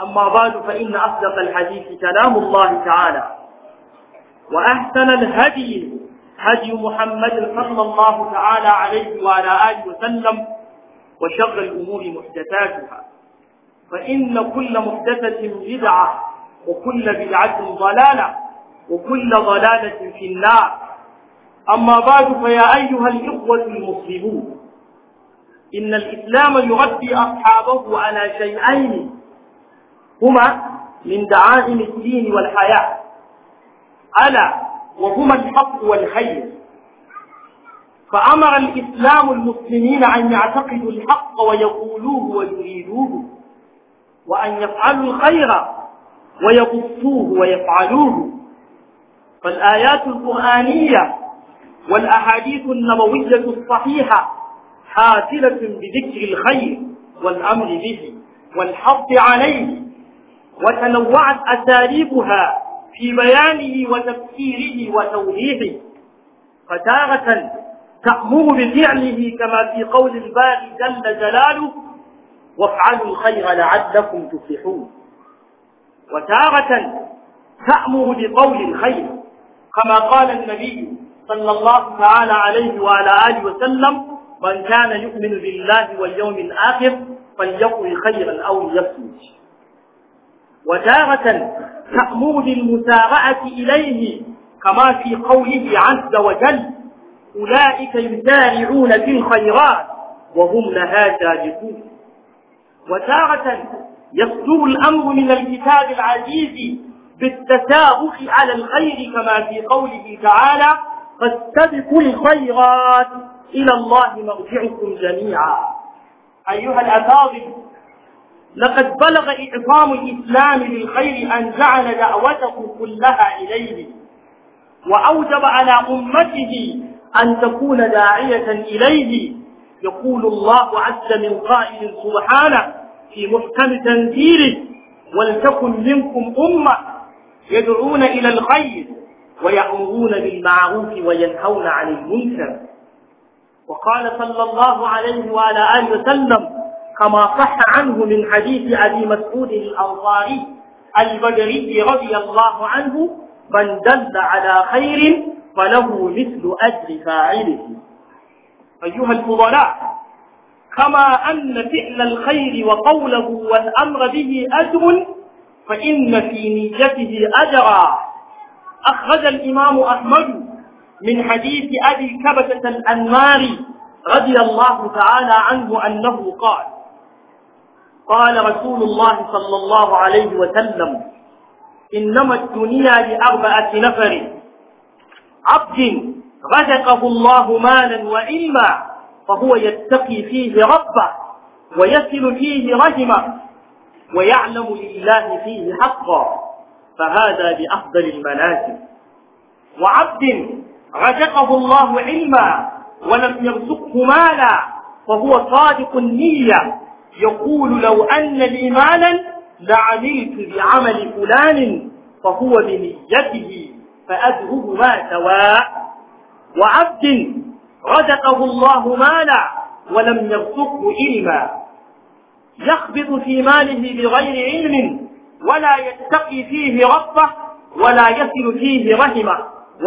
أما بعد فإن أصدق الحديث كلام الله تعالى وأحسن الهدي هدي محمد صلى الله تعالى عليه وعلى آله وسلم وشر الأمور محدثاتها فإن كل محدثة بدعة وكل بدعة ضلالة وكل ضلالة في النار أما بعد فيا أيها الإخوة المسلمون إن الإسلام يربي أصحابه على شيئين هما من دعائم الدين والحياة ألا وهما الحق والخير فأمر الإسلام المسلمين أن يعتقدوا الحق ويقولوه ويريدوه وأن يفعلوا الخير ويقصوه ويفعلوه فالآيات القرآنية والأحاديث النبوية الصحيحة حافلة بذكر الخير والأمر به والحق عليه وتنوعت أساليبها في بيانه وتفسيره وتوضيحه فتارة تأمر بفعله كما في قول الباري جل جلاله وافعلوا الخير لعلكم تفلحون وتارة تأمر بقول الخير كما قال النبي صلى الله تعالى عليه وعلى آله وسلم من كان يؤمن بالله واليوم الآخر فليقل خيرا أو ليصمت وتارة تأمر بالمسارعة إليه كما في قوله عز وجل أولئك يسارعون في الخيرات وهم لها سابقون وتارة يصدر الأمر من الكتاب العزيز بالتسابق على الخير كما في قوله تعالى فاستبقوا الخيرات إلى الله مرجعكم جميعا أيها الأفاضل لقد بلغ إعظام الإسلام للخير أن جعل دعوته كلها إليه وأوجب على أمته أن تكون داعية إليه يقول الله عز من قائل سبحانه في محكم تنزيله ولتكن منكم أمة يدعون إلى الخير ويأمرون بالمعروف وينهون عن المنكر وقال صلى الله عليه وعلى آله وسلم كما صح عنه من حديث أبي مسعود الأنصاري البدري رضي الله عنه من دل على خير فله مثل أجر فاعله أيها الفضلاء كما أن فعل الخير وقوله والأمر به أجر فإن في نيته أجرا أخرج الإمام أحمد من حديث أبي كبشة الأنماري رضي الله تعالى عنه أنه قال قال رسول الله صلى الله عليه وسلم إنما الدنيا لأربعة نفر عبد رزقه الله مالا وعلما فهو يتقي فيه ربه ويصل فيه رحمه ويعلم لله فيه حقا فهذا بأفضل المنازل وعبد رزقه الله علما ولم يرزقه مالا فهو صادق النية يقول لو أن لي مالا لعملت بعمل فلان فهو بنيته فأجره ما سواء وعبد رزقه الله مالا ولم يرزقه علما يخبط في ماله بغير علم ولا يتقي فيه ربه ولا يصل فيه رحمه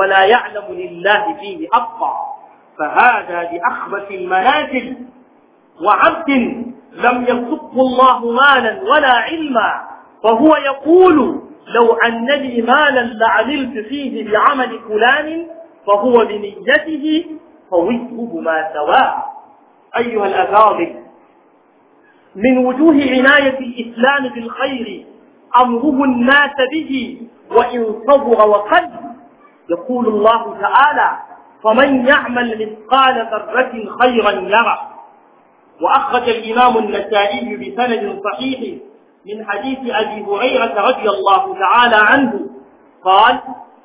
ولا يعلم لله فيه أبقى فهذا بأخبث المنازل وعبد لم يسق الله مالا ولا علما فهو يقول لو أن لي مالا لعملت فيه بعمل فلان فهو بنيته فوجههما سواء أيها الأفاضل من وجوه عناية الإسلام بالخير أمره الناس به وإن صبر وقد يقول الله تعالى فمن يعمل مثقال ذرة خيرا يره وأخرج الإمام النسائي بسند صحيح من حديث أبي هريرة رضي الله تعالى عنه قال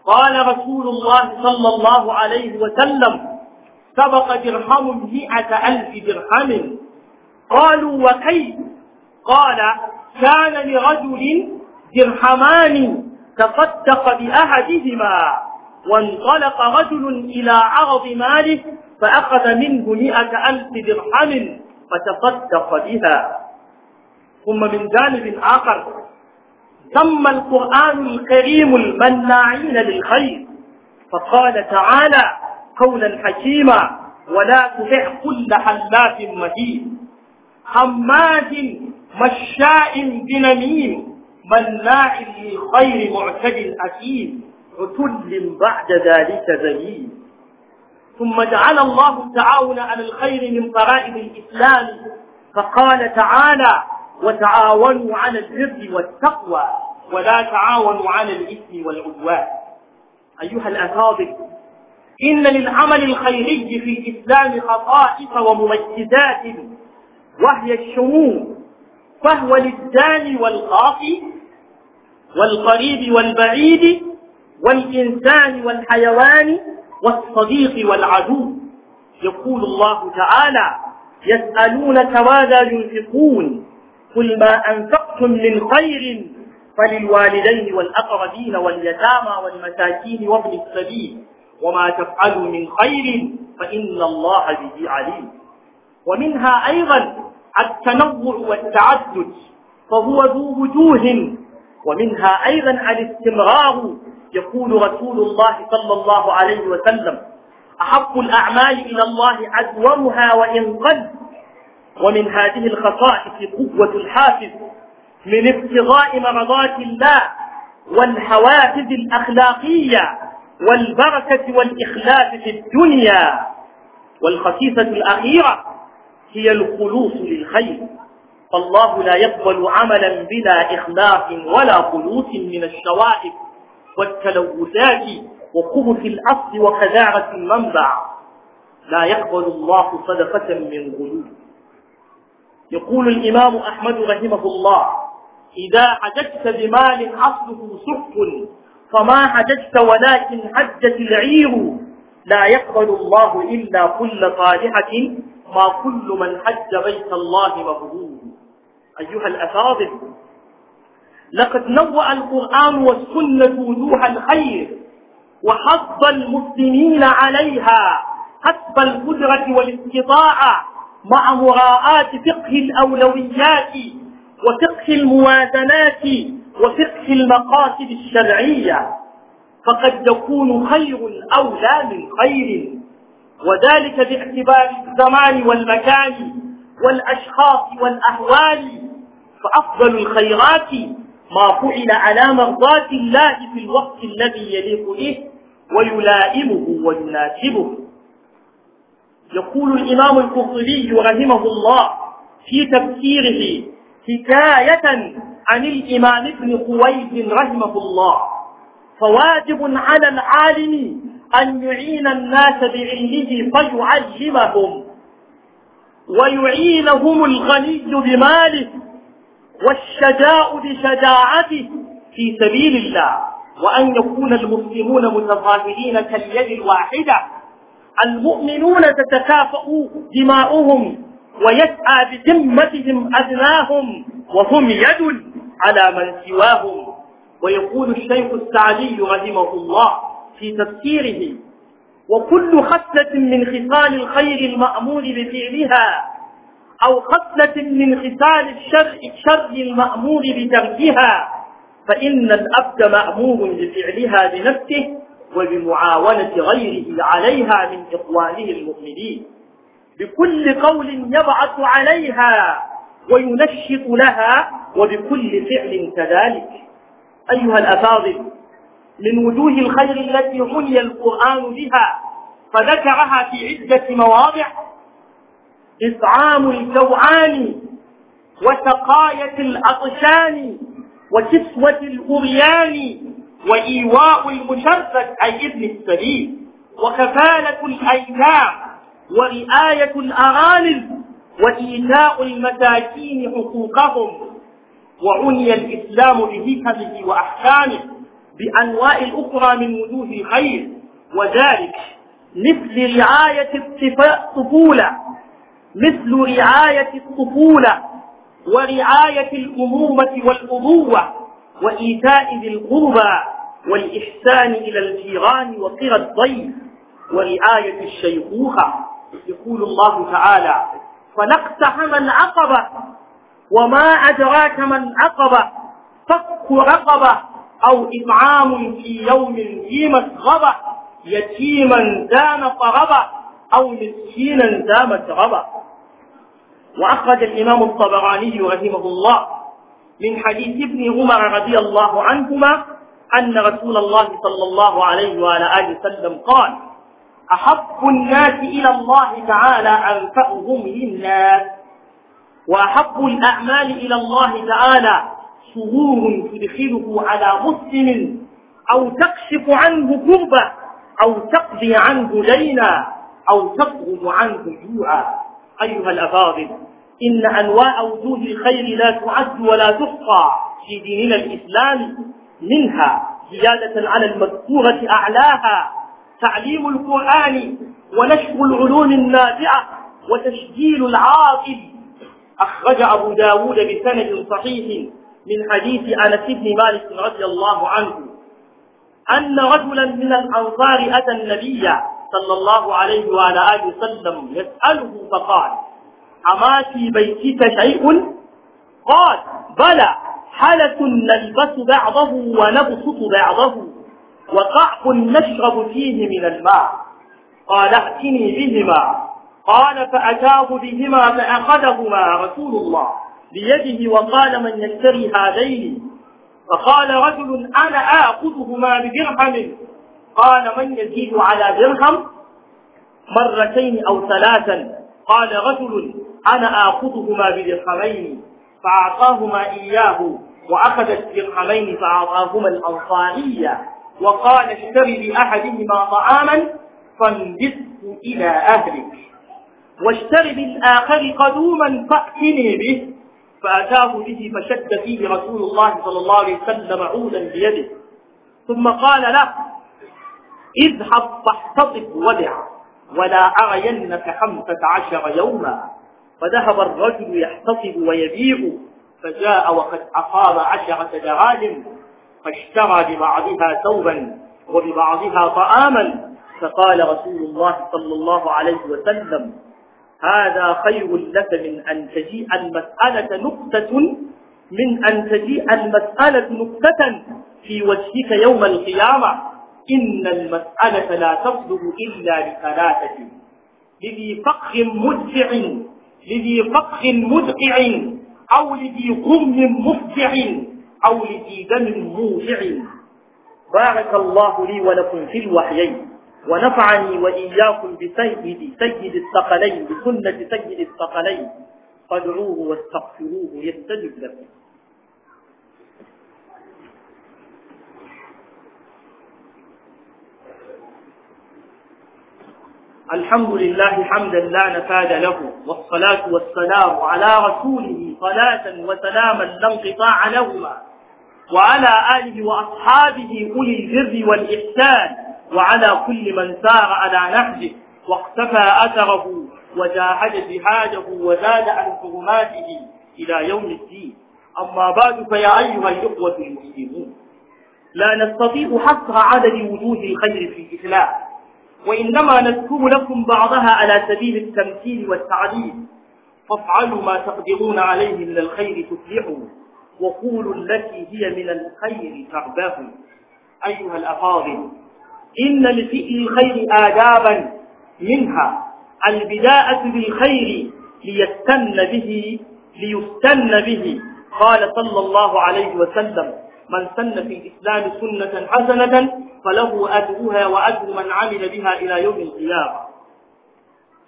قال رسول الله صلى الله عليه وسلم سبق درهم مئة ألف درهم قالوا وكيف قال كان لرجل درهمان تصدق بأحدهما وانطلق رجل إلى عرض ماله فأخذ منه مئة ألف درهم فتصدق بها ثم من جانب آخر سمى القرآن الكريم المناعين للخير فقال تعالى قولا حكيما ولا تطع كل حلاف مهين هماز مشاء بنميم مناع للخير معتد أثيم عتل بعد ذلك زميل ثم جعل الله التعاون على الخير من فرائض الإسلام فقال تعالى وتعاونوا على البر والتقوى ولا تعاونوا على الإثم والعدوان أيها الأفاضل إن للعمل الخيري في الإسلام خصائص ومميزات وهي الشمول فهو للدان والقاطي والقريب والبعيد والإنسان والحيوان والصديق والعدو يقول الله تعالى يسألونك ماذا ينفقون قل ما أنفقتم من خير فللوالدين والأقربين واليتامى والمساكين وابن السبيل وما تفعلوا من خير فإن الله به عليم ومنها أيضا التنوع والتعدد فهو ذو وجوه ومنها أيضا الاستمرار يقول رسول الله صلى الله عليه وسلم أحب الأعمال إلى الله أدومها وإن قد ومن هذه الخصائص قوة الحافز من ابتغاء مرضات الله والحوافز الأخلاقية والبركة والإخلاف في الدنيا والخصيصة الأخيرة هي الخلوص للخير فالله لا يقبل عملا بلا إخلاص ولا خلوص من الشوائب والتلوثات وخبث الأصل وخزاعة المنبع لا يقبل الله صدقة من غلوب يقول الإمام أحمد رحمه الله إذا حججت بمال أصله سحت فما حججت ولكن حجت العير لا يقبل الله إلا كل صالحة ما كل من حج بيت الله مبهور أيها الأفاضل لقد نوع القرآن والسنة وجوه الخير وحض المسلمين عليها حسب القدرة والاستطاعة مع مراعاة فقه الأولويات وفقه الموازنات وفقه المقاصد الشرعية فقد يكون خير أولى من خير وذلك باعتبار الزمان والمكان والأشخاص والأهوال فأفضل الخيرات ما فعل على مرضاة الله في الوقت الذي يليق به ويلائمه ويناسبه يقول الإمام القرطبي رحمه الله في تفسيره حكاية عن الإمام ابن خويلد رحمه الله فواجب على العالم أن يعين الناس بعلمه فيعلمهم ويعينهم الغني بماله والشجاء بشجاعته في سبيل الله وأن يكون المسلمون متظاهرين كاليد الواحدة المؤمنون تتكافأ دماؤهم ويسعى بذمتهم أدناهم وهم يد على من سواهم ويقول الشيخ السعدي رحمه الله في تفسيره وكل خصلة من خصال الخير المأمور بفعلها أو قتله من خصال الشر الشر المأمور بتركها فإن الأبد مأمور بفعلها بنفسه وبمعاونة غيره عليها من إخوانه المؤمنين بكل قول يبعث عليها وينشط لها وبكل فعل كذلك أيها الأفاضل من وجوه الخير التي عني القرآن بها فذكرها في عدة مواضع إطعام الجوعان وسقاية الأطشان وكسوة الأريان وإيواء المشرد أي ابن السبيل وكفالة الأيتام ورعاية الأغانم وإيتاء المساكين حقوقهم وعني الإسلام بهيئته وأحكامه بأنواع أخرى من وجوه الخير وذلك مثل رعاية الطفولة مثل رعاية الطفولة ورعاية الأمومة والأبوة وإيتاء ذي القربى والإحسان إلى الجيران وقرى الضيف ورعاية الشيخوخة يقول الله تعالى من عقبة وما أدراك من عقبة فك رقبة أو إطعام في يوم ذي مسغبة يتيما دام فربة أو مسكينا ذا متربة وأخرج الإمام الطبراني رحمه الله من حديث ابن عمر رضي الله عنهما أن رسول الله صلى الله عليه وعلى آله وسلم قال أحب الناس إلى الله تعالى أنفأهم للناس وأحب الأعمال إلى الله تعالى شهور تدخله على مسلم أو تكشف عنه كربة أو تقضي عنه لينا أو تفهم عنه جوعا أيها الأفاضل إن أنواع وجوه الخير لا تعد ولا تحصى في ديننا الإسلام منها زيادة على المذكورة أعلاها تعليم القرآن ونشر العلوم النافعة وتشجيل العاقل أخرج أبو داود بسند صحيح من حديث أنس بن مالك رضي الله عنه أن رجلا من الأنصار أتى النبي صلى الله عليه وعلى آله وسلم يسأله فقال أما في بيتك شيء قال بلى حالة نلبس بعضه ونبسط بعضه وقعب نشرب فيه من الماء قال ائتني بهما قال فأتاه بهما فأخذهما رسول الله بيده وقال من يشتري هذين فقال رجل أنا آخذهما بدرهم قال من يزيد على درهم مرتين أو ثلاثا قال رجل أنا آخذهما بدرهمين فأعطاهما إياه وأخذ الدرهمين فأعطاهما الأنصارية وقال اشتر لأحدهما طعاما فانبثه إلى أهلك واشتر بالآخر قدوما فأتني به فأتاه به فشد فيه رسول الله صلى الله عليه وسلم عودا بيده ثم قال له اذهب فاحتطب ودع ولا أعينك خمسة عشر يوما فذهب الرجل يحتطب ويبيع فجاء وقد أصاب عشرة دراهم فاشترى ببعضها ثوبا وببعضها طعاما فقال رسول الله صلى الله عليه وسلم هذا خير لك من أن تجيء المسألة نقطة من أن تجيء المسألة نقطة في وجهك يوم القيامة إن المسألة لا تصدر إلا بثلاثة لذي فقه مدفع لذي فقه مدقع أو لذي قم مفجع أو لذي دم موجع بارك الله لي ولكم في الوحيين ونفعني وإياكم بسيد سيد الثقلين بسنة سيد الثقلين فادعوه واستغفروه يستجب لكم الحمد لله حمدا لا نفاد له والصلاة والسلام على رسوله صلاة وسلاما لا انقطاع لهما وعلى آله وأصحابه أولي البر والإحسان وعلى كل من سار على نهجه واقتفى أثره وجاهد جهاده وزاد عن حرماته إلى يوم الدين أما بعد فيا أيها الإخوة المسلمون لا نستطيع حصر عدد وجوه الخير في الإسلام وإنما نذكر لكم بعضها على سبيل التمثيل والتعديل فافعلوا ما تقدرون عليه من الخير تفلحوا وقولوا التي هي من الخير تعباه أيها الأفاضل إن لفئل الخير آدابا منها البداءة بالخير ليستن به ليستن به قال صلى الله عليه وسلم من سن في الإسلام سنة حسنة فله أجرها وأجر من عمل بها إلى يوم القيامة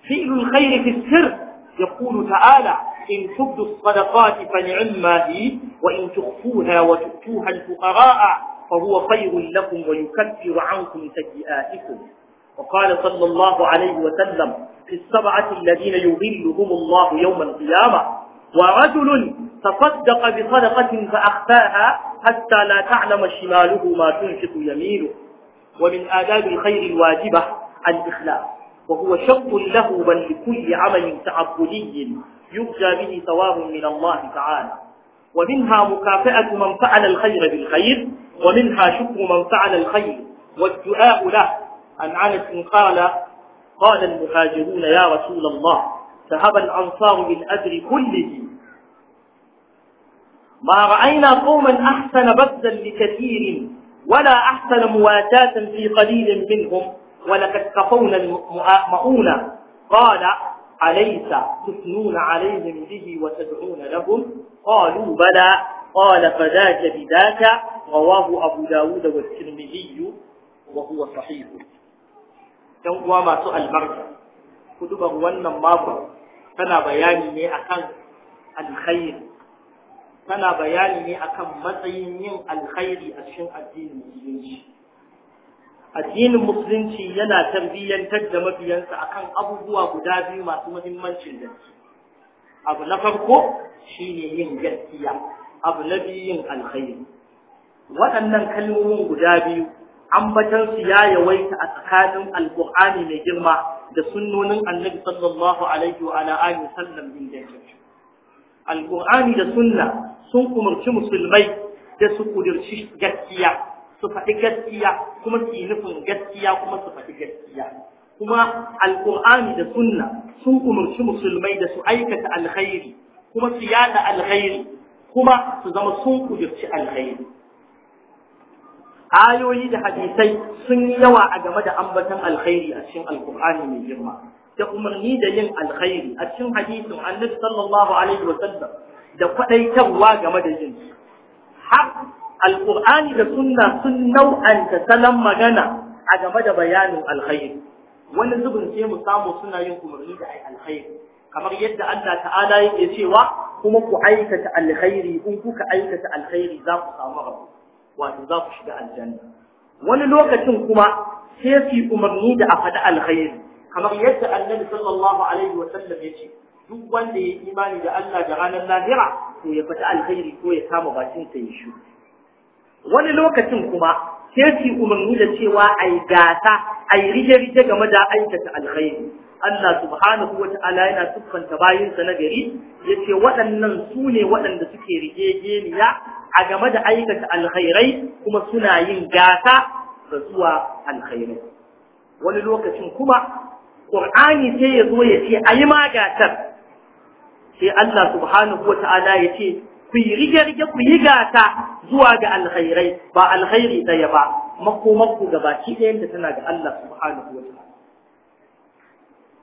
فعل الخير في السر يقول تعالى إن تبدوا الصدقات فنعما هي وإن تخفوها وتؤتوها الفقراء فهو خير لكم ويكفر عنكم سيئاتكم وقال صلى الله عليه وسلم في السبعة الذين يظلهم الله يوم القيامة ورجل تصدق بصدقة فأخفاها حتى لا تعلم شماله ما تنشط يمينه ومن آداب الخير الواجبة الإخلاص وهو شرط له بل لكل عمل تعبدي يرجى به ثواب من الله تعالى ومنها مكافأة من فعل الخير بالخير ومنها شكر من فعل الخير والدعاء له عن عنس قال قال المهاجرون يا رسول الله ذهب الأنصار بالأجر كله ما رأينا قوما أحسن بذلا لكثير ولا أحسن مواساة في قليل منهم ولقد كفونا المؤونة قال أليس تثنون عليهم به وتدعون لهم قالوا بلى قال فذاك بذاك رواه أبو داود والترمذي وهو صحيح dan سؤال masu albarka ku duba wannan mako tana bayani ne tana bayani ne akan matsayin yin alkhairi a cikin addinin musulunci addinin musulunci yana tarbiyyantar da mabiyansa akan abubuwa guda biyu masu muhimmancin da abu na farko shine yin gaskiya abu na biyu yin alkhairi waɗannan kalmomin guda biyu ambatan su ya yawaita a tsakanin alkur'ani mai girma da sunnonin annabi sallallahu alaihi wa ala alihi sallam din da Alƙur'ani da sunna sun umarci musulmai da su kudirci gaskiya su faɗi gaskiya kuma su yi nufin gaskiya kuma su faɗi gaskiya kuma alƙur'ani da sunna sun umarci musulmai da su aikata alkhairi kuma su yada alkhairi kuma su zama sun kudirci alkhairi ayoyi da hadisai sun yi yawa a game da ambatan alkhairi a cikin alƙur'ani mai girma da umarni da yin alkhairi a cikin hadisin annabi sallallahu alaihi wa sallam da kwaɗaitarwa game da yin har alqur'ani da sunna sun nau'anta salon magana a game da bayanin alkhairi wani zubin sai mu samu suna yin umarni da ai alkhairi kamar yadda Allah ta'ala yake cewa kuma ku aikata alkhairi in kuka aikata alkhairi za ku samu rabu wato za ku shiga aljanna wani lokacin kuma sai su umarni da a faɗi alkhairi kamar yadda annabi sallallahu alaihi wa sallam ya ce duk wanda ya imani da Allah da ranar lahira to ya fata alkhairi ko ya kama bakin sa ya shi wani lokacin kuma sai ki umarni da cewa ai gasa ai rige rige game da aikata alkhairi Allah subhanahu wa ta'ala yana tuffanta bayin sa nagari yace waɗannan su ne waɗanda suke rigegeniya a game da aikata alkhairai kuma suna yin gasa da zuwa alkhairai wani lokacin kuma Qur'ani sai ya zo ya ce ayi gasar. sai Allah subhanahu wa ta'ala ya ce ku yi rige-rige ku yi gata zuwa ga alkhairai ba alkhairi ɗaya ba makomakku ga baki ɗayan da tana ga Allah subhanahu wa ta'ala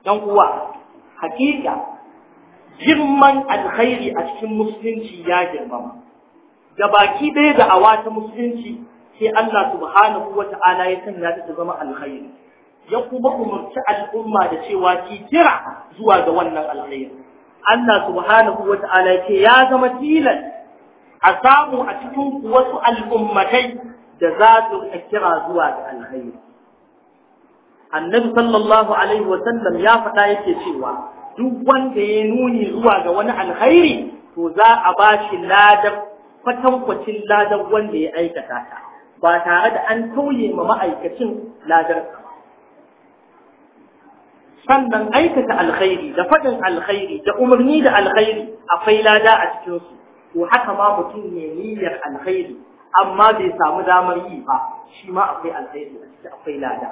dan uwa hakika girman alkhairi a cikin musulunci ya girma ga baki ɗaya da awa ta musulunci sai Allah subhanahu wa ta'ala ya sanya ta ta zama alkhairi ya kuma umarci al'umma da cewa ki kira zuwa ga wannan alkhairi Allah subhanahu wa ta'ala ce ya zama tilas a samu a cikin wasu al'ummatai da za su kira zuwa da alhairi. Annabi sallallahu alaihi wa sallam ya faɗa yake cewa duk wanda ya nuni zuwa ga wani alhairi to za a ba shi ladar kwatankwacin ladar wanda ya aikata ta ba tare da an tauye ma ma'aikacin ladan sannan aikata alkhairi da faɗin alkhairi da umarni da alkhairi akwai lada a cikin su to haka ma mutum ne niyyar alkhairi amma bai samu damar yi ba shi ma akwai alkhairi a cikin akwai lada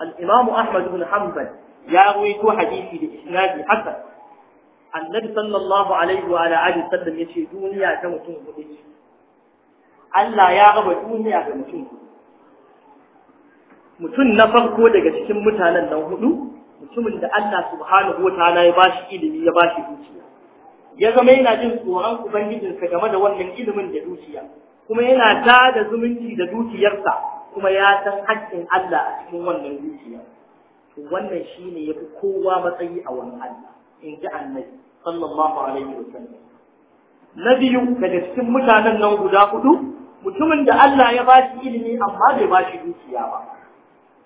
al-imam Ahmad ibn Hanbal ya rawaito hadisi da isnadi hasan annabi sallallahu alaihi wa alihi sallam yace duniya ta mutum hudu Allah ya raba duniya ga mutum mutum na farko daga cikin mutanen nan huɗu. mutumin da Allah subhanahu wa ta'ala ya bashi ilimi ya bashi dukiya ya zama yana jin tsoron sa game da wannan ilimin da dukiya kuma yana ta da zumunci da dukiyarsa kuma ya san haƙƙin Allah a cikin wannan dukiya to wannan shine yafi kowa matsayi a wannan Allah in ji annabi sallallahu alaihi wa sallam na daga cikin mutanen nan guda hudu mutumin da Allah ya bashi ilimi amma bai bashi dukiya ba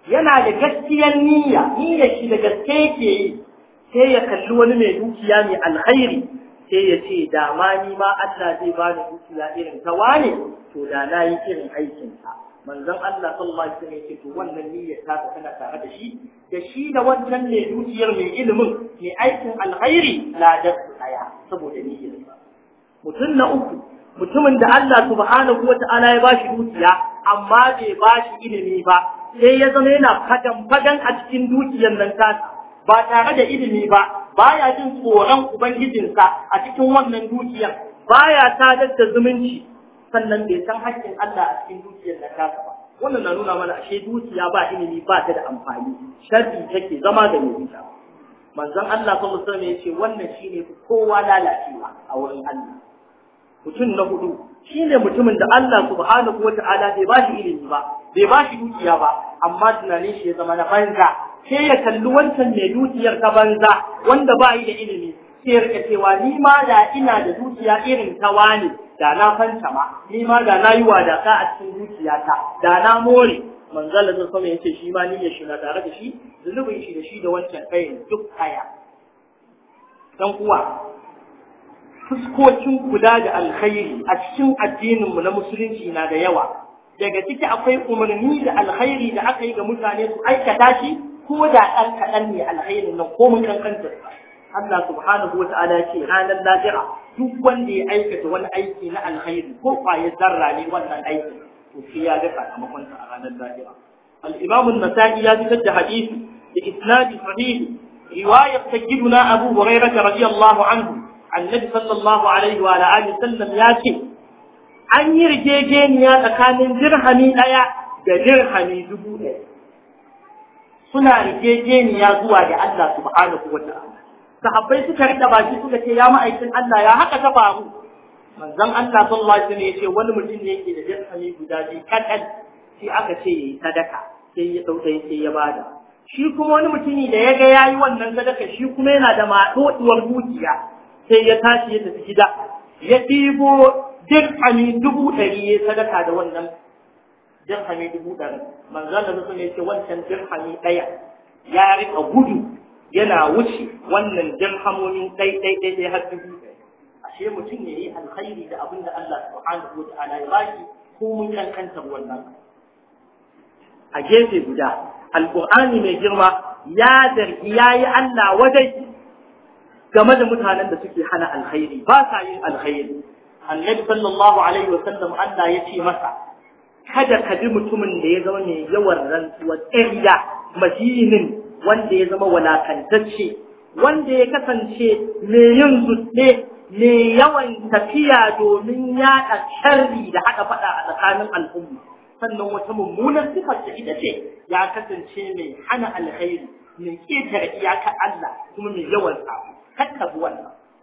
yana da gaskiyar niyya niyyar shi da gaske yake yi sai ya kalli wani mai dukiya mai alkhairi sai ya ce da ma ni ma Allah zai ba ni dukiya irin ta wane to da na yi irin aikin manzon Allah sallallahu shi ne yake to wannan niyyar ta ta tana tare da shi da shi da wancan mai dukiyar mai ilimin mai aikin alkhairi na da tsaya saboda niyyar mutum na uku mutumin da Allah subhanahu ta'ala ya bashi dukiya amma bai bashi ilimi ba sai ya zama yana fagan fagan a cikin dukiyar nan tasa ba tare da ilimi ba baya jin tsoron ubangijinsa a cikin wannan dukiyar baya sadar da zumunci sannan bai san haƙƙin Allah a cikin dukiyar nan tasa ba wannan na nuna mana ashe dukiya ba ilimi ba ta da amfani sharri take zama da mai ita manzon Allah sallallahu alaihi wasallam ya ce wannan shine kowa lalacewa a wurin Allah mutum na hudu Shi ne mutumin da Allah subhanahu ta'ala bai bashi ilimi ba bai bashi dukiya ba amma tunanin shi ya zama na banza sai ya kalli wancan mai dukiyar ta banza wanda ba yi da ilimi sai ya rika cewa ni ma da ina da dukiya irin ta wani da na fanta ma ni ma da na yi wadata a cikin dukiyata da na more manzala zan sama ya ce shi ma ni tare da shi zunubin shi da shi da wancan ɗayan duk kaya dan kuwa fuskokin kula da alkhairi a cikin addininmu na musulunci na da yawa daga ciki akwai umarni da alkhairi da aka yi ga mutane su aikata shi ko da ɗan kaɗan ne alkhairin nan ko kankanta Allah subhanahu wa ta'ala ce ranar lahira duk wanda ya aikata wani aiki na alkhairi ko kwaye zarra ne wannan aiki to sai ya ga sakamakon a ranar lahira al-Imam an-Nasa'i ya fitar da hadisi da isnadi sahih riwayat sayyiduna Abu Hurairah radiyallahu anhu annabi sallallahu alaihi wa alihi sallam ya ce an yi rigegeniya tsakanin dirhami ɗaya da dirhami dubu ɗaya suna rigegeniya zuwa ga Allah subhanahu wa ta'ala sahabbai suka rika baki suka ce ya ma'aikin Allah ya haka ta faru manzon Allah sallallahu alaihi wasallam ya ce wani mutum ne yake da dirhami guda biyu kadan sai aka ce yayi sadaka sai ya dauka sai ya bada shi kuma wani mutumi da ya ga yayi wannan sadaka shi kuma yana da maɗoɗuwar dukiya sai ya tashi ya tafi gida ya ɗibo dirhami dubu ɗari ya sadaka da wannan dirhami dubu ɗari manzo Allah sun yace wancan dirhami ɗaya ya rika gudu yana wuce wannan dirhamoni ɗai ɗai ɗai ɗai har dubu ɗari ashe mutum ya yi alkhairi da abin da Allah subhanahu wa ta'ala ya baki ko mun kankanta wannan a gefe guda alqur'ani mai girma ya zargi yayi Allah wadai game da mutanen da suke hana alkhairi ba sa yin alkhairi annabi sallallahu alaihi wa Allah ya ce masa kada ka bi mutumin da ya zama mai yawan rantsuwa tsariya mahinin wanda ya zama walakantacce wanda ya kasance mai yin zuɗe mai yawan tafiya domin yaɗa sharri da haɗa faɗa a tsakanin al'umma sannan wata mummunar sifar da ita ce ya kasance mai hana alkhairi mai ƙetare iyakar Allah kuma mai yawan sabo kakka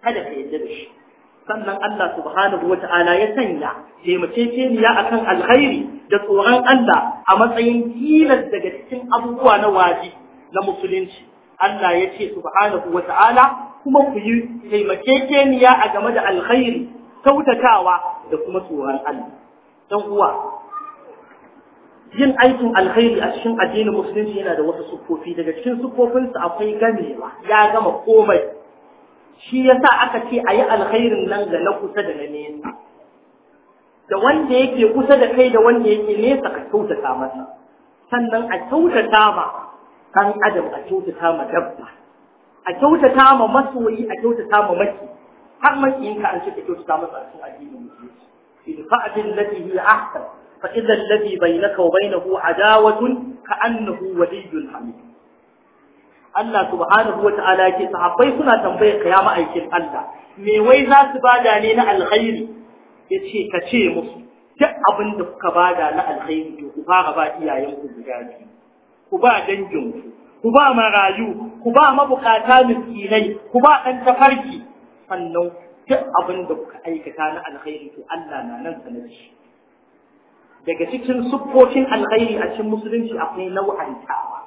kada ka yadda da shi sannan Allah subhanahu wa ta'ala ya sanya taimakekeniya akan alkhairi da tsoron Allah a matsayin tilas daga cikin abubuwa na waji na musulunci Allah ya ce subhanahu wa ta'ala kuma ku yi taimakekeniya a game da alkhairi kautatawa da kuma tsoron Allah dan uwa yin aikin alkhairi a cikin addinin musulunci yana da wasu sufofi daga cikin sufofinsa akwai gamewa ya gama komai shi yasa aka ce a yi alkhairin nan ga na kusa da na nesa da wanda yake kusa da kai da wanda yake nesa ka kyautata masa sannan a kyautata ma ɗan adam a kyautata ma dabba a kyautata ma masoyi a kyautata ma maki har makiyinka an ce ka kyautata masa a cikin addinin musulunci idfa bil lati hi ahsan fa idha alladhi bainaka wa bainahu adawatun ka annahu waliyyun hamid Allah subhanahu wata'ala ce sahabbai suna tambayar ka ya ma'aikin Allah me wai za su bada ne na alkhairi yace ka ce musu duk abin da kuka bada na alkhairi to ku fara ba iyayen ku guda ku ba dangin ku ku ba marayu ku ba mabukata miskinai ku ba ɗan tafarki sannan duk abin da kuka aikata na alkhairi to Allah na nan sanar shi daga cikin siffofin alkhairi a cikin musulunci akwai nau'antawa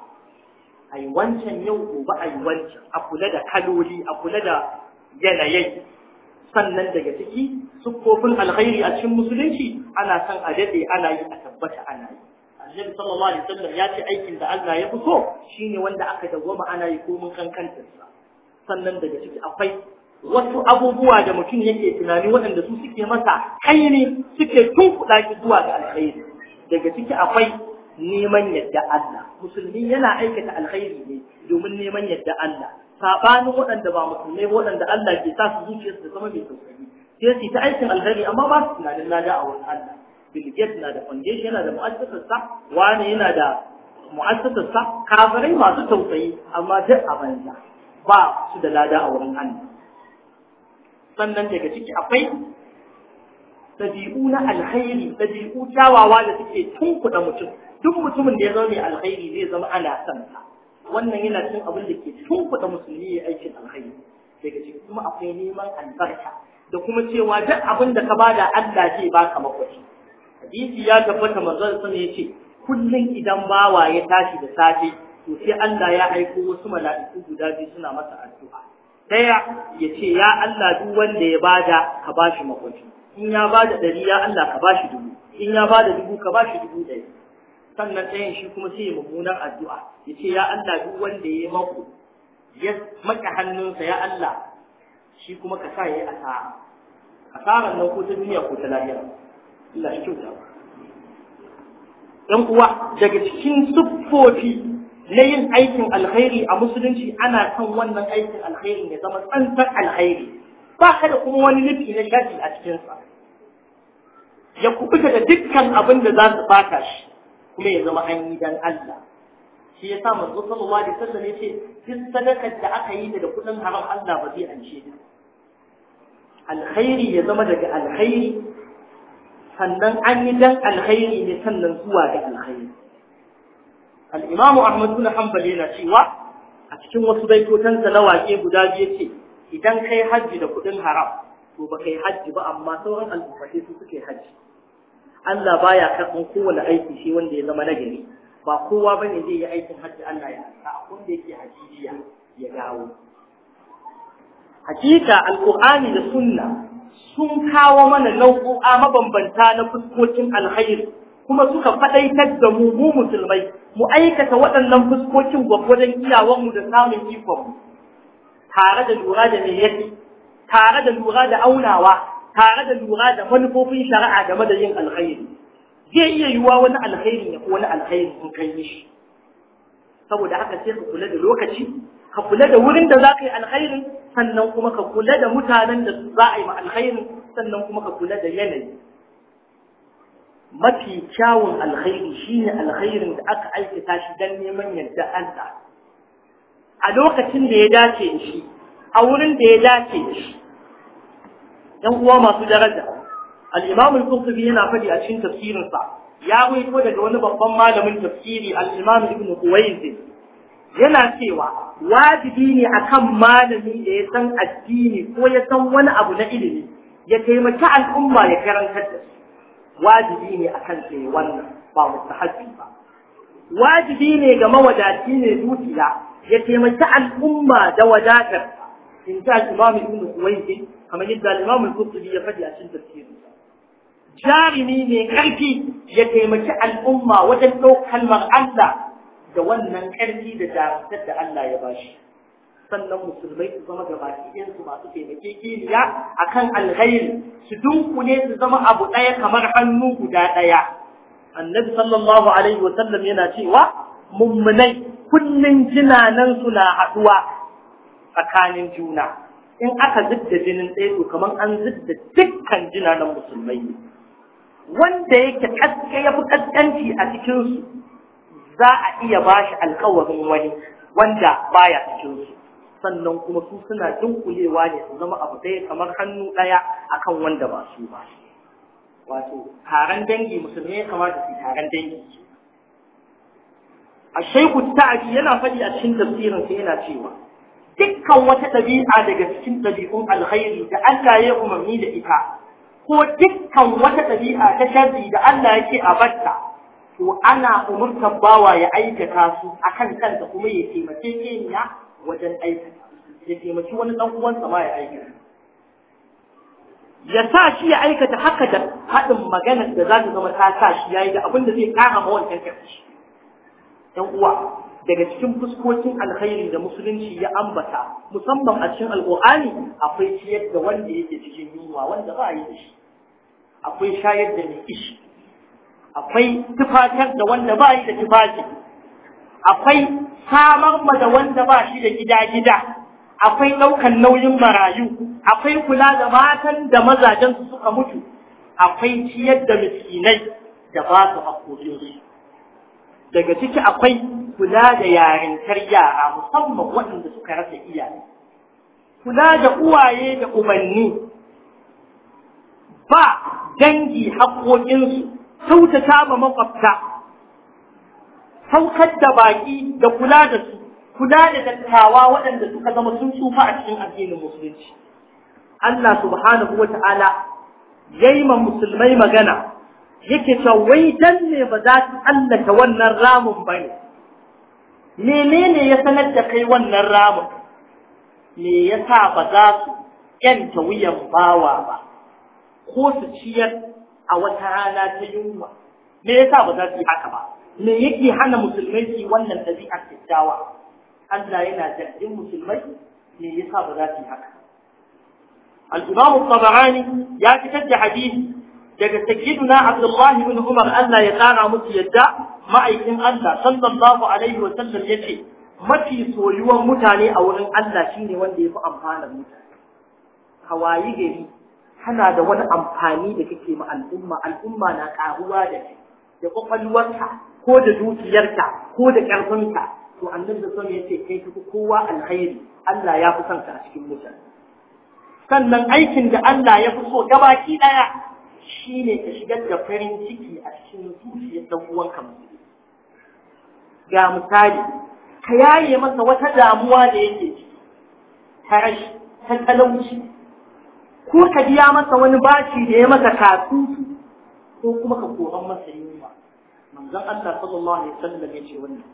a yi wancan yau gobe a yi wancan a kula da kaloli a kula da yanayi sannan daga ciki siffofin alkhairi a cikin musulunci ana san a daɗe ana yi a tabbata ana yi annabi sallallahu alaihi wasallam ya ce aikin da Allah ya fi so shine wanda aka dawwama ana yi komin kankantarsa sannan daga ciki akwai wasu abubuwa da mutum yake tunani waɗanda su suke masa kai ne suke tunkuɗa shi zuwa ga alkhairi daga ciki akwai neman yadda Allah musulmi yana aikata alkhairi ne domin neman yadda Allah sabanin waɗanda ba musulmai waɗanda Allah ke sa su zuciyarsu da zama mai tausayi sai su ta aikin alkhairi amma ba su tunanin na a wurin Allah Bill Gates na da foundation yana da mu'assasarsa wani yana da mu'assasarsa kafirai masu tausayi amma duk a banza ba su da lada a wurin Allah sannan daga ciki akwai dabi'u na alkhairi dabi'u kyawawa da suke tunkuɗa mutum duk mutumin da ya zama mai alkhairi zai zama ana son sa wannan yana cin abin da ke tunkuɗa musulmi ya aikin alkhairi daga cikin kuma akwai neman albarka da kuma cewa duk abin da ka bada Allah zai baka makwaci hadisi ya tabbata manzon sun yace kullun idan bawa ya tashi da safe to sai Allah ya aiko wasu mala'iku guda biyu suna masa addu'a daya ce ya Allah duk wanda ya bada ka bashi makwaci in ya bada dari ya Allah ka bashi dubu in ya bada dubu ka bashi dubu ɗaya sannan ɗayan shi kuma sai ya mummunar addu'a ya ce ya Allah duk wanda ya mako ya maka hannunsa ya Allah shi kuma ka sa ya yi asara asarar nan ko ta duniya ko ta lahira Allah shi kyauta ɗan uwa daga cikin siffofi na yin aikin alkhairi a musulunci ana son wannan aikin alkhairi ya zama tsantar alkhairi ba ka da kuma wani nufi na shafi a cikinsa ya kubuta da dukkan abin da za su bata shi kuma ya zama an yi dan Allah shi yasa manzo sallallahu alaihi wasallam yace duk sadakar da aka yi da kudin haram Allah ba zai anshe ta alkhairi ya zama daga alkhairi sannan an yi dan alkhairi ne sannan zuwa ga alkhairi al-imamu Ahmad bin hanbali yana cewa a cikin wasu baitotansa na waƙe guda biyu ce idan kai hajji da kuɗin haram to ba kai hajji ba amma sauran al'ummai su suke hajji Allah baya karɓan kowane aiki shi wanda ya zama nagari ba kowa bane zai yi aikin hajji Allah ya a kun da yake hajjiya ya dawo hakika alqur'ani da sunna sun kawo mana nau'o'a mabambanta na fuskokin alhairi kuma suka faɗaitar da mu mu musulmai mu aikata waɗannan fuskokin gwagwajen iyawanmu da samun ikonmu tare da lura da me tare da lura da aunawa tare da lura da manufofin shari'a game da yin alkhairi zai iya yiwuwa wani alkhairi ne ko wani alkhairi in kai shi saboda haka sai ka kula da lokaci ka kula da wurin da za ka yi alkhairin sannan kuma ka kula da mutanen da za a yi ma alkhairin sannan kuma ka kula da yanayi mafi kyawun alkhairi shine alkhairin da aka aikata shi dan neman yadda Allah a lokacin da ya dace shi a wurin da ya dace shi Ɗan uwa masu daraja al'imam al-qurtubi yana faɗi a cikin tafsirinsa ya waito daga wani babban malamin tafsiri al'imam ibn kuwaiti yana cewa wajibi ne akan malami da ya san addini ko ya san wani abu na ilimi ya taimaki al'umma ya karantar da su wajibi ne akan sai wannan ba mustahabbi ba wajibi ne ga mawadaci ne dukiya ya taimaki al'umma da wadatar in ta imam ibn kuwaiti kamar yadda al-Imam ya faɗi a cikin tafsirin Jarumi mai ƙarfi ya taimaki al'umma wajen ɗaukar kalmar Allah da wannan ƙarfi da jarumtar da Allah ya bashi sannan musulmai su zama gabaki ɗayan su masu taimake kiriya akan alghairi su dunkule su zama abu ɗaya kamar hannu guda ɗaya annabi sallallahu alaihi wa sallam yana cewa mummunai kullun jinanan suna haɗuwa tsakanin juna in aka zidda jinin ɗaya to kamar an zidda dukkan jinanan musulmai ne wanda yake kaske ya fi kaskanci a cikinsu za a iya ba shi alkawarin wani wanda baya cikinsu sannan kuma su suna dunkulewa ne su zama abu ɗaya kamar hannu ɗaya akan wanda ba su ba wato taron dangi musulmai ya kamata su taron dangi a shaiku ta'adi yana faɗi a cikin tafsirin yana cewa dukkan wata ɗabi'a daga cikin ɗabi'un alkhairi da Allah ya umarni da ita ko dukkan wata ɗabi'a ta sharri da Allah yake a batta to ana umurtar bawa ya aikata su kan kanta kuma ya taimake keniya wajen aikata ya taimaki wani ɗan uwansa ma ya aikata ya sa shi ya aikata haka da haɗin maganar da za ta zama ta sa shi ya yi da abin da zai ƙara ma wancan shi? ɗan uwa daga cikin fuskokin alkhairi da musulunci ya ambata musamman a cikin alkur'ani akwai ciyar da wanda yake cikin yunwa wanda ba a yi da shi akwai shayar da mai ishi akwai tufatar da wanda ba yi da tufafi akwai samar ma da wanda ba shi da gida-gida akwai ɗaukan nauyin marayu akwai kula da matan da mazajen su suka mutu akwai ciyar da miskinai da ba su haƙoƙinsu daga ciki akwai kula da yarintar yara musamman waɗanda suka rasa iyaye kula da uwaye da umanni ba dangi haƙoƙinsu kyautata ma maƙwabta. saukar da baƙi da kula da su kula da dattawa waɗanda suka zama sun tsufa a cikin addinin musulunci Allah subhanahu wa ta'ala yayi ma musulmai magana yake ta wai dan ne ba za ta tsallaka wannan ramin ba ne menene ya sanar da kai wannan ramin me ya sa ba za su yanta wuyan bawa ba ko su ciyar a wata rana ta yunwa me ya sa ba za su yi haka ba me yake hana musulmai su wannan ɗabi'ar kyakkyawa Allah yana zargin musulmai me ya sa ba za su yi haka al-Imam al-Tabarani ya fitar da hadisi daga sayyiduna Abdullahi bin Umar Allah ya kara musu yadda ma'aikin Allah sallallahu alaihi wa sallam yace mafi soyuwan mutane a wurin Allah shine wanda yafi amfana mutane hawayi gari kana da wani amfani da kake ma al'umma al'umma na karuwa da kai da kwakwalwarka ko da dukiyarka ko da karfinka to annabi da ya yace kai fi kowa alkhairi Allah ya fi son ka a cikin mutane sannan aikin da Allah ya fi so gabaki daya shine ta shigar da farin ciki a cikin zuciyar ɗan uwanka ga misali ka yaye masa wata damuwa da yake ta rashi ta talauci ko ka biya masa wani baci da ya masa kasu ko kuma ka koran masa yunwa manzon Allah sallallahu alaihi wasallam ya ce wannan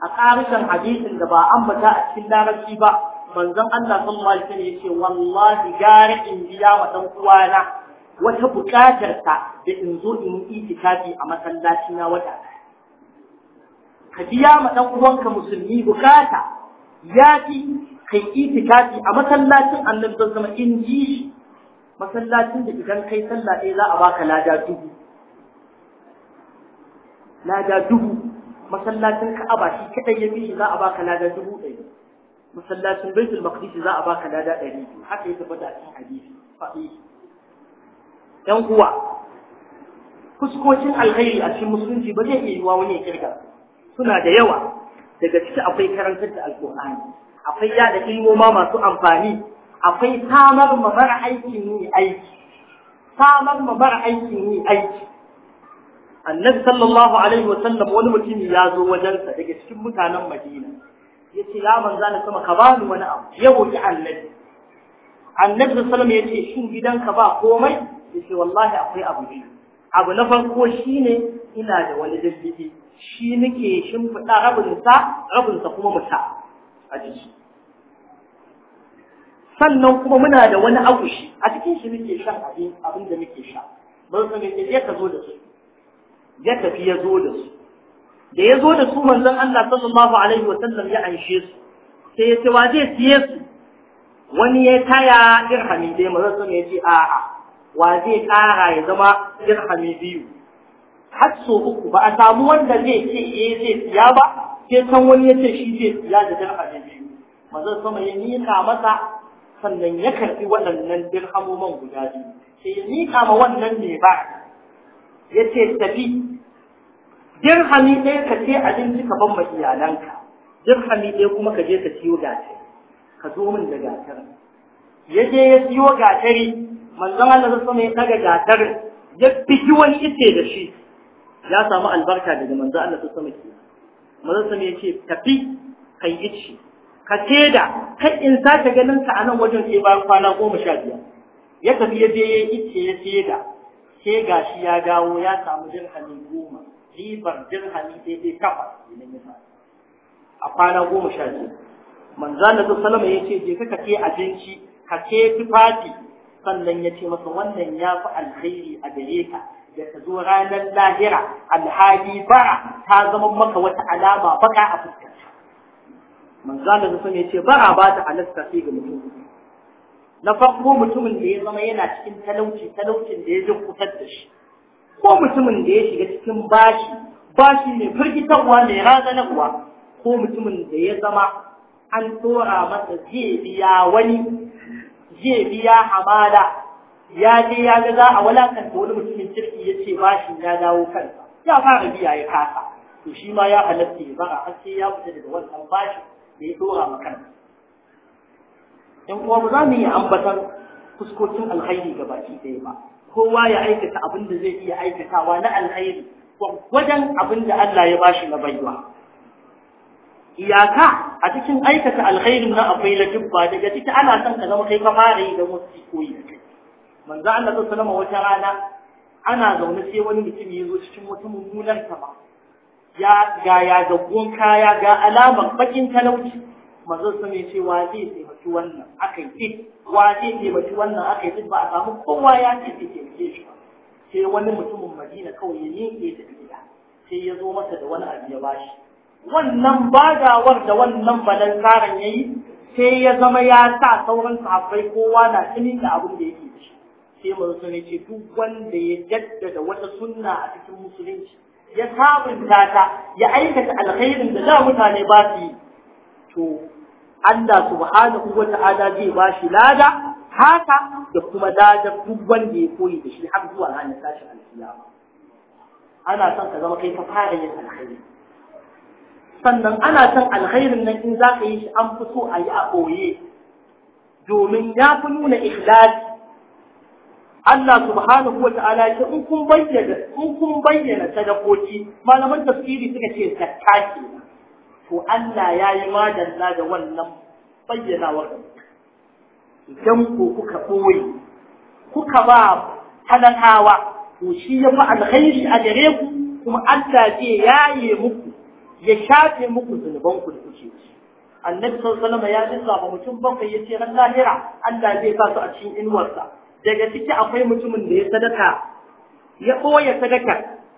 a ƙarshen hadisin da ba ambata a cikin larabci ba manzon Allah sallallahu alaihi wasallam ya ce wallahi gari in biya wa dan uwana wata buƙatar ta da in zo in yi itikafi a masallacina wata ka biya ma ɗan uwanka musulmi buƙata bukata yafi kai itikafi a masallacin annabi sallallahu zama in ji shi masallacin da idan kai sallah ɗaya za a baka lada dubu lada dubu masallacin ka'aba shi kaɗai ya bi za a baka lada dubu ɗaya, masallacin baitul maqdis za a baka lada ɗari haka ya tabbata a cikin hadisi yan kuwa, fuskocin alkhairi a cikin musulunci ba zai iya yiwa wani kirga suna da yawa daga ciki akwai karantar da alkur'ani akwai yada ilmoma masu amfani akwai samar ma mara aikin yi aiki samar ma mara aikin yi aiki annabi sallallahu alaihi wa sallam wani mutum ya zo wajensa daga cikin mutanen madina ya ce ya manza na sama ka bani wani abu Yau, ki annabi annabi sallallahu alaihi wa sallam ya ce shin gidanka ba komai yace wallahi akwai abu ne. abu na farko shine ina da wani dalili shi nake shimfiɗa rabinsa, rabinsa rabin kuma musa a jiki sannan kuma muna da wani agushi a cikin shi muke shan abin abin da muke sha ban san me ya ka zo da su ya tafi ya zo da su da ya zo da su manzon Allah sallallahu alaihi wa sallam ya anshe su sai ya ce wa zai siye su wani ya taya irhami dai manzon sallallahu alaihi ya ce a'a wa zai kara ya zama dirhami biyu har so uku ba a samu wanda zai ce eh zai siya ba sai san wani ya ce shi zai siya da dirhami biyu mazan sama ya nika masa sannan ya karɓi waɗannan dirhamoman guda biyu sai ya nika ma wannan ne ba ya ce tafi dirhami ɗaya ka ce abinci ka ban ma iyalanka dirhami ɗaya kuma ka je ka siyo gatari ka zo min da gatari ya je ya siyo gatari manzon Allah sun mai daga gatar ya fiki wani ice da shi ya samu albarka daga manzon Allah sun mai ke manzon sama mai ce tafi kai ice ka teda kai in sake ganin ka a nan wajen ke bayan kwana goma sha biyar ya tafi ya je ya ice ya teda sai gashi ya dawo ya samu dirhami goma ribar dirhami daidai kafa idan ya faru a kwana goma sha Allah manzan da sallama ce je ka ke abinci ka ce tufafi sannan ya ce masa wannan ya fi alkhairi a gare ka da ka zo ranar lahira alhali bara ta zama maka wata alama baka a fuskanta. manzalin sun ya ce bara ba ta halasta sai ga mutum na farko mutumin da ya zama yana cikin talauci talaucin da ya ji kutar da shi ko mutumin da ya shiga cikin bashi bashi mai firgitarwa mai razanarwa ko mutumin da ya zama an tsora masa zai biya wani zai biya hamada ya je ya ga za a walakanta wani mutumin kirki ya ce bashin ya dawo kansa ya fara biya ya kasa to shi ma ya halatta ya bara har sai ya fita daga wannan bashin da ya dora ma kansa in kuma ba za mu yi ambatan fuskokin alkhairi ga baki ɗaya ba kowa ya aikata abin da zai iya aikatawa na alkhairi wajen abin da Allah ya bashi na baiwa iyaka a cikin aikata alkhairin na akwai lajibba daga ciki ana son ka zama kai ka fara yi da wasu koyi da kai manzo Allah sallallahu alaihi wata rana ana zaune sai wani mutum ya zo cikin wata mummunar ba ya ga ya ga kaya ga alamar bakin talauci manzo sun ya ce wa sai mutu wannan akai yi wa zai mutu wannan aka yi eh, ba a samu kowa ya ce zai taimake shi ba sai wani mutumin Madina kawai ya yanke da gida sai ya zo masa da wani abu ya bashi wannan badawar da wannan tsarin ya yi sai ya zama ya sa sauran sahabbai kowa na tsinin da abin da yake ci sai manzo ne ce duk wanda ya jaddada wata sunna a cikin musulunci ya sabunta ta ya aikata alkhairin da za mutane ba su yi to Allah subhanahu wa ta'ala zai ba shi lada haka da kuma ladar duk wanda ya koyi da shi har zuwa ranar tashi alkiyama ana son ka zama kai ka fara yin alkhairi sannan ana son alkhairin nan in za ka yi shi an fito a yi a ɓoye domin ya fi nuna ikhlasi Allah subhanahu wa ta'ala ya in kun bayyana in kun bayyana sadakoki malaman tafsiri suka ce zakka ce to Allah ya yi madalla da wannan bayyanawa. idan ko kuka ɓoye kuka ba talakawa to shi ya fi alkhairi a gare ku kuma Allah zai yaye muku ya shafe muku zunubanku da kuke ci annabi sallallahu ya lissafa mutum bakwai ce ran lahira Allah zai sa su a cikin inuwarsa daga ciki akwai mutumin da ya sadaka ya koya sadaka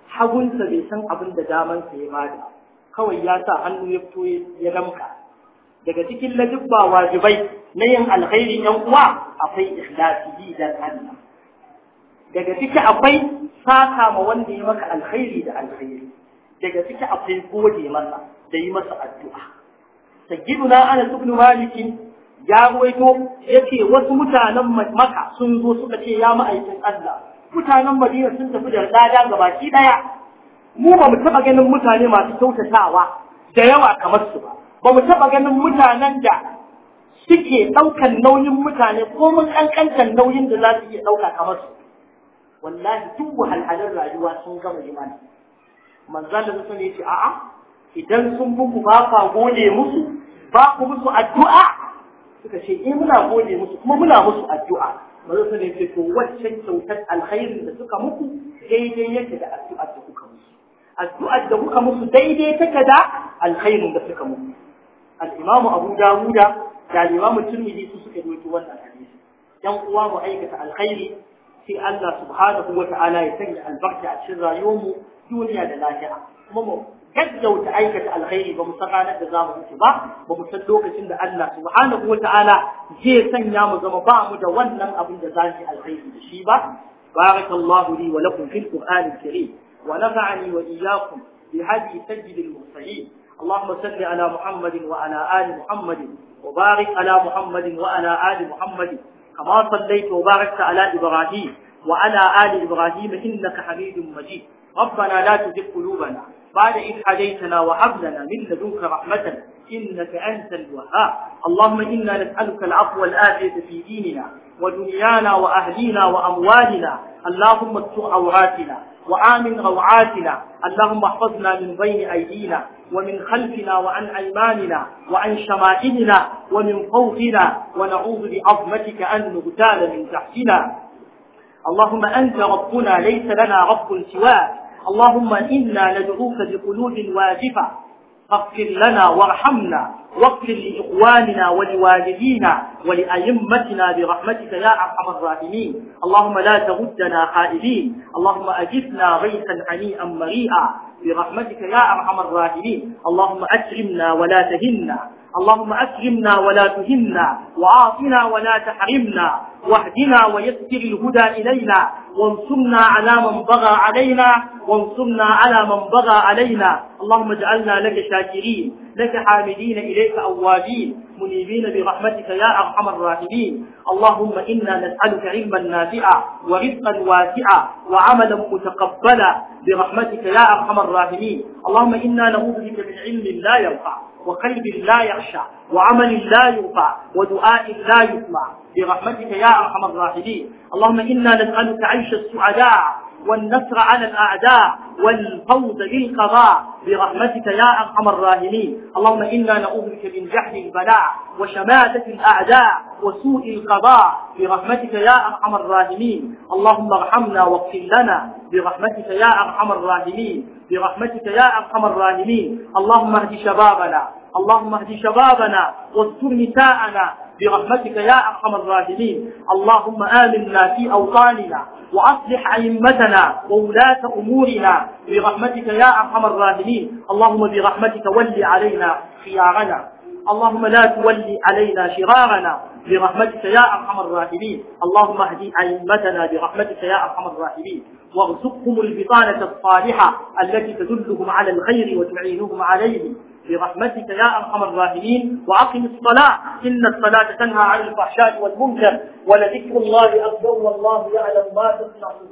hagunsa bai san abin da damansa ya bada kawai ya sa hannu ya fito ya lamka daga cikin lajibba wajibai na yin alkhairi yan uwa akwai ikhlasi dan Allah daga ciki akwai saka ma wanda ya maka alkhairi da alkhairi daga ciki akwai gode masa da yi masa addu'a sayyiduna ana ibn malik ya ruwaito yake wasu mutanen maka sun zo suka ce ya ma'aikin Allah mutanen madina sun tafi da gaba gabaki ɗaya. mu ba mu taba ganin mutane masu kyautatawa da yawa kamar su ba ba mu taba ganin mutanen da suke ɗaukan nauyin mutane ko mun kankantan nauyin da za su iya ɗauka kamar su wallahi duk wahalhalar rayuwa sun gama imani manzan da sun yace a'a idan sun buku ba fa gode musu ba ku musu addu'a suka ce eh muna gode musu kuma muna musu addu'a manzan sun yace to waccan kyautar alkhairin da suka muku daidai yake da addu'a da kuka musu addu'a da kuka musu daidai take da alkhairin da suka muku al-imamu abu dawuda da al-imamu tirmidhi su suka yi wannan hadisi dan uwa mu aikata alkhairi sai Allah subhanahu wa ta'ala ya sanya albarka a cikin rayuwarmu duniya da lahira kuma mu gaggauta aikata alkhairi ba mu san ranar da za mu mutu ba ba mu san lokacin da Allah subhanahu wa ta'ala zai sanya mu zama ba mu da wannan abin da za mu alkhairi da shi ba barakallahu li wa lakum fil qur'anil karim wa nafa'ani wa iyyakum bi hadi sayyidil mursalin اللهم صل على محمد وعلى آل محمد وبارك على محمد وعلى آل محمد كما صليت وباركت على إبراهيم وعلى آل إبراهيم إنك حميد مجيد ربنا لا تزغ قلوبنا بعد إذ هديتنا وهب لنا من لدنك رحمة إنك أنت الوهاب اللهم إنا نسألك العفو والآفية في ديننا ودنيانا وأهلينا وأموالنا اللهم استر عوراتنا وآمن روعاتنا اللهم احفظنا من بين أيدينا ومن خلفنا وعن أيماننا وعن شمائلنا ومن فوقنا ونعوذ بعظمتك أن نغتال من تحتنا اللهم أنت ربنا ليس لنا رب سواك اللهم إنا ندعوك بقلوب واجفة اغفر لنا وارحمنا واغفر لإخواننا ولوالدينا ولأئمتنا برحمتك يا أرحم الراحمين اللهم لا تردنا خائبين اللهم أجثنا غيثا هنيئا مريئا برحمتك يا أرحم الراحمين اللهم أكرمنا ولا تهنا اللهم أكرمنا ولا تهنا وعافنا ولا تحرمنا واهدنا ويسر الهدى إلينا وانصرنا على من بغى علينا وانصرنا على من بغى علينا اللهم اجعلنا لك شاكرين لك حامدين إليك أوابين منيبين برحمتك يا أرحم الراحمين اللهم إنا نسألك علما نافعا ورزقا واسعا وعملا متقبلا برحمتك يا أرحم الراحمين اللهم إنا نعوذ بك من علم لا ينفع وقلب لا يخشع وعمل لا يرفع ودعاء لا يسمع برحمتك يا أرحم الراحمين اللهم إنا نسألك عيش السعداء والنصر على الأعداء والفوز بالقضاء برحمتك يا أرحم الراحمين اللهم إنا نعوذ بك من جهل البلاء وشماتة الأعداء وسوء القضاء برحمتك يا أرحم الراحمين اللهم ارحمنا واغفر لنا برحمتك يا أرحم الراحمين برحمتك يا أرحم الراحمين اللهم اهد شبابنا اللهم اهد شبابنا واستر نساءنا برحمتك يا أرحم الراحمين اللهم آمنا في أوطاننا وأصلح أئمتنا وولاة أمورنا برحمتك يا أرحم الراحمين اللهم برحمتك ول علينا خيارنا اللهم لا تولي علينا شرارنا برحمتك يا أرحم الراحمين اللهم اهدي أئمتنا برحمتك يا أرحم الراحمين وارزقهم البطانة الصالحة التي تدلهم على الخير وتعينهم عليه برحمتك يا أرحم الراحمين وأقم الصلاة إن الصلاة تنهى عن الفحشاء والمنكر ولذكر الله أكبر والله يعلم ما تصنعون